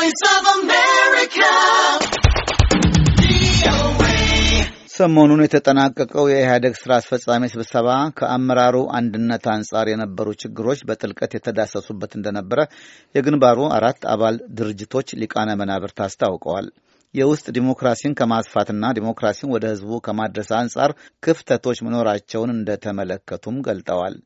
Voice ሰሞኑን የተጠናቀቀው የኢህአደግ ስራ አስፈጻሚ ስብሰባ ከአመራሩ አንድነት አንጻር የነበሩ ችግሮች በጥልቀት የተዳሰሱበት እንደነበረ የግንባሩ አራት አባል ድርጅቶች ሊቃነ መናብርት አስታውቀዋል። የውስጥ ዲሞክራሲን ከማስፋትና ዲሞክራሲን ወደ ህዝቡ ከማድረስ አንጻር ክፍተቶች መኖራቸውን እንደተመለከቱም ገልጠዋል።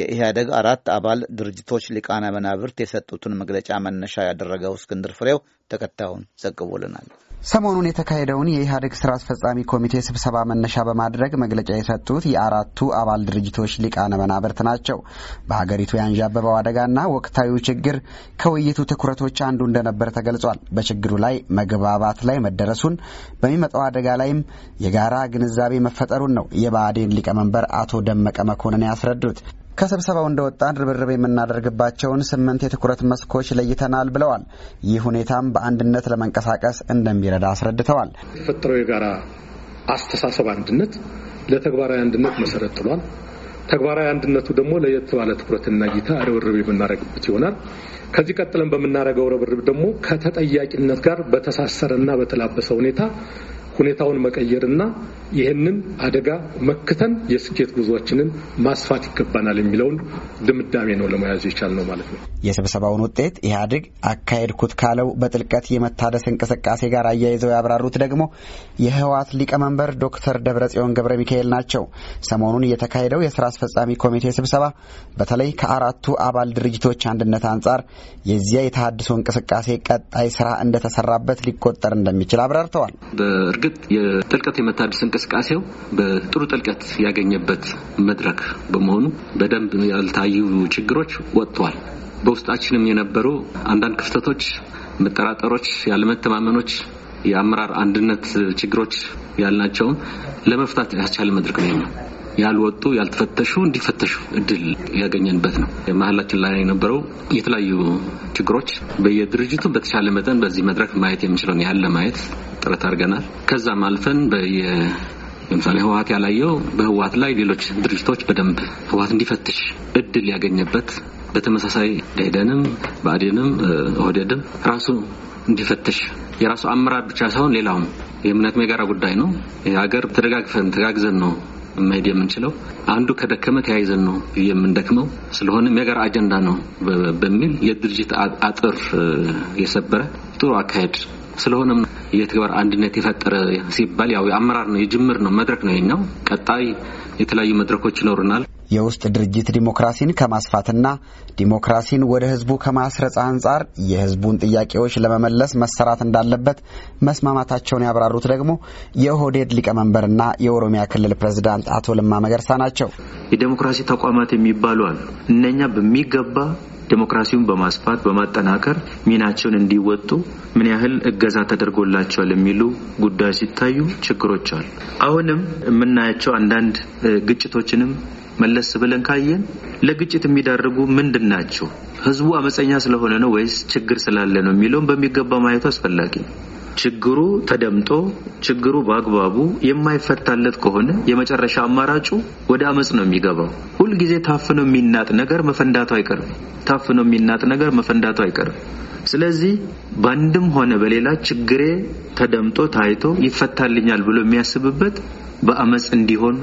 የኢህአደግ አራት አባል ድርጅቶች ሊቃነ መናብርት የሰጡትን መግለጫ መነሻ ያደረገው እስክንድር ፍሬው ተከታዩን ዘግቦልናል። ሰሞኑን የተካሄደውን የኢህአዴግ ስራ አስፈጻሚ ኮሚቴ ስብሰባ መነሻ በማድረግ መግለጫ የሰጡት የአራቱ አባል ድርጅቶች ሊቃነ መናብርት ናቸው። በሀገሪቱ ያንዣበበው አደጋና ወቅታዊው ችግር ከውይይቱ ትኩረቶች አንዱ እንደነበር ተገልጿል። በችግሩ ላይ መግባባት ላይ መደረሱን፣ በሚመጣው አደጋ ላይም የጋራ ግንዛቤ መፈጠሩን ነው የብአዴን ሊቀመንበር አቶ ደመቀ መኮንን ያስረዱት። ከስብሰባው እንደወጣን ርብርብ የምናደርግባቸውን ስምንት የትኩረት መስኮች ለይተናል ብለዋል። ይህ ሁኔታም በአንድነት ለመንቀሳቀስ እንደሚረዳ አስረድተዋል። የተፈጠረው የጋራ አስተሳሰብ አንድነት ለተግባራዊ አንድነት መሰረት ጥሏል። ተግባራዊ አንድነቱ ደግሞ ለየት ባለ ትኩረትና እይታ ርብርብ የምናደርግበት ይሆናል። ከዚህ ቀጥለን በምናደርገው ርብርብ ደግሞ ከተጠያቂነት ጋር በተሳሰረና በተላበሰ ሁኔታ ሁኔታውን መቀየርና ይህንን አደጋ መክተን የስኬት ጉዟችንን ማስፋት ይገባናል የሚለውን ድምዳሜ ነው ለመያዝ የቻልነው ማለት ነው። የስብሰባውን ውጤት ኢህአዴግ አካሄድኩት ካለው በጥልቀት የመታደስ እንቅስቃሴ ጋር አያይዘው ያብራሩት ደግሞ የህወሓት ሊቀመንበር ዶክተር ደብረጽዮን ገብረ ሚካኤል ናቸው። ሰሞኑን የተካሄደው የስራ አስፈጻሚ ኮሚቴ ስብሰባ በተለይ ከአራቱ አባል ድርጅቶች አንድነት አንጻር የዚያ የተሃድሶ እንቅስቃሴ ቀጣይ ስራ እንደተሰራበት ሊቆጠር እንደሚችል አብራርተዋል። በእርግጥ የጥልቀት የመታደስ እንቅስቃሴው በጥሩ ጥልቀት ያገኘበት መድረክ በመሆኑ በደንብ ያልታዩ ችግሮች ወጥተዋል። በውስጣችንም የነበሩ አንዳንድ ክፍተቶች፣ መጠራጠሮች፣ ያለመተማመኖች፣ የአመራር አንድነት ችግሮች ያልናቸውን ለመፍታት ያስቻለ መድረክ ነው። ያልወጡ ያልተፈተሹ እንዲፈተሹ እድል ያገኘንበት ነው። መሀላችን ላይ የነበረው የተለያዩ ችግሮች በየድርጅቱ በተሻለ መጠን በዚህ መድረክ ማየት የምንችለውን ያለ ማየት ጥረት አድርገናል። ከዛም አልፈን በየ ለምሳሌ ህወሀት ያላየው በህወሀት ላይ ሌሎች ድርጅቶች በደንብ ህወሀት እንዲፈትሽ እድል ያገኘበት በተመሳሳይ ደኢህዴንም ብአዴንም ኦህዴድም ራሱ እንዲፈትሽ የራሱ አመራር ብቻ ሳይሆን ሌላውም የእምነት የጋራ ጉዳይ ነው። ሀገር ተደጋግፈን ተጋግዘን ነው መሄድ የምንችለው አንዱ ከደከመ ተያይዘን ነው የምንደክመው። ስለሆነ የጋራ አጀንዳ ነው በሚል የድርጅት አጥር የሰበረ ጥሩ አካሄድ ስለሆነም የተግባር አንድነት የፈጠረ ሲባል ያው የአመራር ነው የጅምር ነው መድረክ ነው የኛው ቀጣይ የተለያዩ መድረኮች ይኖሩናል። የውስጥ ድርጅት ዲሞክራሲን ከማስፋትና ዲሞክራሲን ወደ ህዝቡ ከማስረጽ አንጻር የህዝቡን ጥያቄዎች ለመመለስ መሰራት እንዳለበት መስማማታቸውን ያብራሩት ደግሞ የኦህዴድ ሊቀመንበርና የኦሮሚያ ክልል ፕሬዝዳንት አቶ ለማ መገርሳ ናቸው። የዲሞክራሲ ተቋማት የሚባሉ አሉ። እነኛ በሚገባ ዴሞክራሲውን በማስፋት በማጠናከር ሚናቸውን እንዲወጡ ምን ያህል እገዛ ተደርጎላቸዋል የሚሉ ጉዳዮች ሲታዩ ችግሮች አሉ። አሁንም የምናያቸው አንዳንድ ግጭቶችንም መለስ ብለን ካየን ለግጭት የሚዳርጉ ምንድን ናቸው? ህዝቡ አመፀኛ ስለሆነ ነው ወይስ ችግር ስላለ ነው የሚለውን በሚገባ ማየቱ አስፈላጊ ነው። ችግሩ ተደምጦ ችግሩ በአግባቡ የማይፈታለት ከሆነ የመጨረሻ አማራጩ ወደ አመፅ ነው የሚገባው። ሁልጊዜ ታፍኖ የሚናጥ ነገር መፈንዳቱ አይቀርም። ታፍኖ የሚናጥ ነገር መፈንዳቱ አይቀርም። ስለዚህ በአንድም ሆነ በሌላ ችግሬ ተደምጦ ታይቶ ይፈታልኛል ብሎ የሚያስብበት በአመፅ እንዲሆን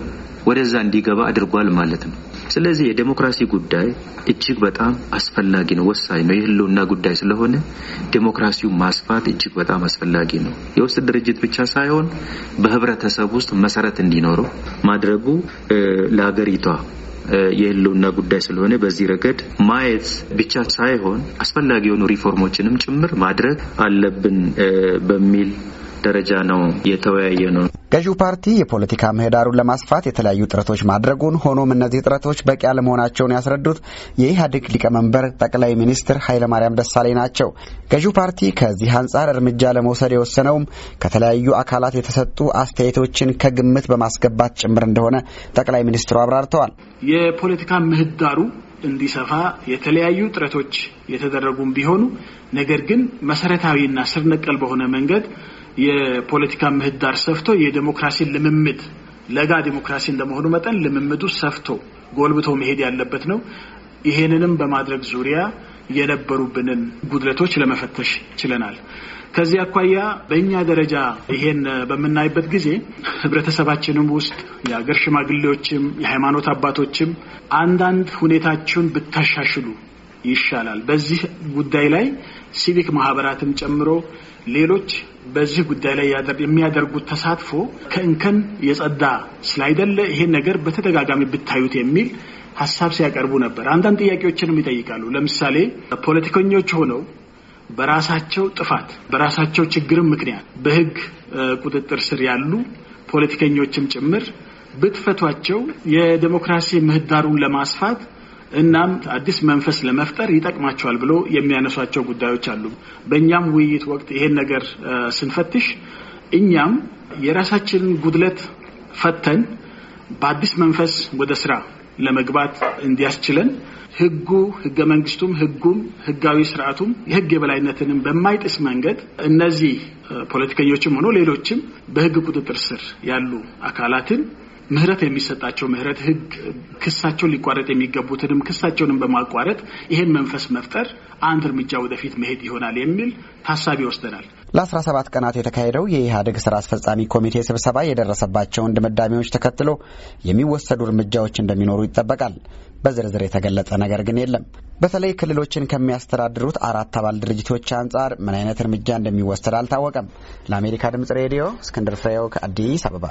ወደዛ እንዲገባ አድርጓል ማለት ነው። ስለዚህ የዴሞክራሲ ጉዳይ እጅግ በጣም አስፈላጊ ነው፣ ወሳኝ ነው። የህልውና ጉዳይ ስለሆነ ዲሞክራሲው ማስፋት እጅግ በጣም አስፈላጊ ነው። የውስጥ ድርጅት ብቻ ሳይሆን በህብረተሰብ ውስጥ መሰረት እንዲኖረው ማድረጉ ለሀገሪቷ የህልውና ጉዳይ ስለሆነ በዚህ ረገድ ማየት ብቻ ሳይሆን አስፈላጊ የሆኑ ሪፎርሞችንም ጭምር ማድረግ አለብን በሚል ደረጃ ነው የተወያየ ነው። ገዢው ፓርቲ የፖለቲካ ምህዳሩን ለማስፋት የተለያዩ ጥረቶች ማድረጉን፣ ሆኖም እነዚህ ጥረቶች በቂ አለመሆናቸውን ያስረዱት የኢህአዴግ ሊቀመንበር ጠቅላይ ሚኒስትር ኃይለማርያም ደሳለኝ ናቸው። ገዢው ፓርቲ ከዚህ አንጻር እርምጃ ለመውሰድ የወሰነውም ከተለያዩ አካላት የተሰጡ አስተያየቶችን ከግምት በማስገባት ጭምር እንደሆነ ጠቅላይ ሚኒስትሩ አብራርተዋል። የፖለቲካ ምህዳሩ እንዲሰፋ የተለያዩ ጥረቶች የተደረጉም ቢሆኑ ነገር ግን መሰረታዊና ስር ነቀል በሆነ መንገድ የፖለቲካ ምህዳር ሰፍቶ የዴሞክራሲን ልምምድ ለጋ ዴሞክራሲ እንደመሆኑ መጠን ልምምዱ ሰፍቶ ጎልብቶ መሄድ ያለበት ነው። ይሄንንም በማድረግ ዙሪያ የነበሩብንን ጉድለቶች ለመፈተሽ ችለናል። ከዚህ አኳያ በእኛ ደረጃ ይሄን በምናይበት ጊዜ ህብረተሰባችንም ውስጥ የአገር ሽማግሌዎችም የሃይማኖት አባቶችም አንዳንድ ሁኔታችሁን ብታሻሽሉ ይሻላል። በዚህ ጉዳይ ላይ ሲቪክ ማህበራትን ጨምሮ ሌሎች በዚህ ጉዳይ ላይ የሚያደርጉት ተሳትፎ ከእንከን የጸዳ ስላይደለ ይሄን ነገር በተደጋጋሚ ብታዩት የሚል ሀሳብ ሲያቀርቡ ነበር። አንዳንድ ጥያቄዎችንም ይጠይቃሉ። ለምሳሌ ፖለቲከኞች ሆነው በራሳቸው ጥፋት በራሳቸው ችግርም ምክንያት በህግ ቁጥጥር ስር ያሉ ፖለቲከኞችም ጭምር ብትፈቷቸው የዴሞክራሲ ምህዳሩን ለማስፋት እናም አዲስ መንፈስ ለመፍጠር ይጠቅማቸዋል ብሎ የሚያነሷቸው ጉዳዮች አሉ። በእኛም ውይይት ወቅት ይሄን ነገር ስንፈትሽ እኛም የራሳችንን ጉድለት ፈተን በአዲስ መንፈስ ወደ ስራ ለመግባት እንዲያስችለን ህጉ ህገ መንግስቱም ህጉም ህጋዊ ስርዓቱም የህግ የበላይነትንም በማይጥስ መንገድ እነዚህ ፖለቲከኞችም ሆኖ ሌሎችም በህግ ቁጥጥር ስር ያሉ አካላትን ምህረት የሚሰጣቸው ምህረት ህግ ክሳቸውን ሊቋረጥ የሚገቡትንም ክሳቸውንም በማቋረጥ ይሄን መንፈስ መፍጠር አንድ እርምጃ ወደፊት መሄድ ይሆናል የሚል ታሳቢ ወስደናል። ለ ለ17 ቀናት የተካሄደው የኢህአዴግ ስራ አስፈጻሚ ኮሚቴ ስብሰባ የደረሰባቸውን ድምዳሜዎች ተከትሎ የሚወሰዱ እርምጃዎች እንደሚኖሩ ይጠበቃል። በዝርዝር የተገለጸ ነገር ግን የለም። በተለይ ክልሎችን ከሚያስተዳድሩት አራት አባል ድርጅቶች አንጻር ምን አይነት እርምጃ እንደሚወሰድ አልታወቀም። ለአሜሪካ ድምጽ ሬዲዮ እስክንድር ፍሬው ከአዲስ አበባ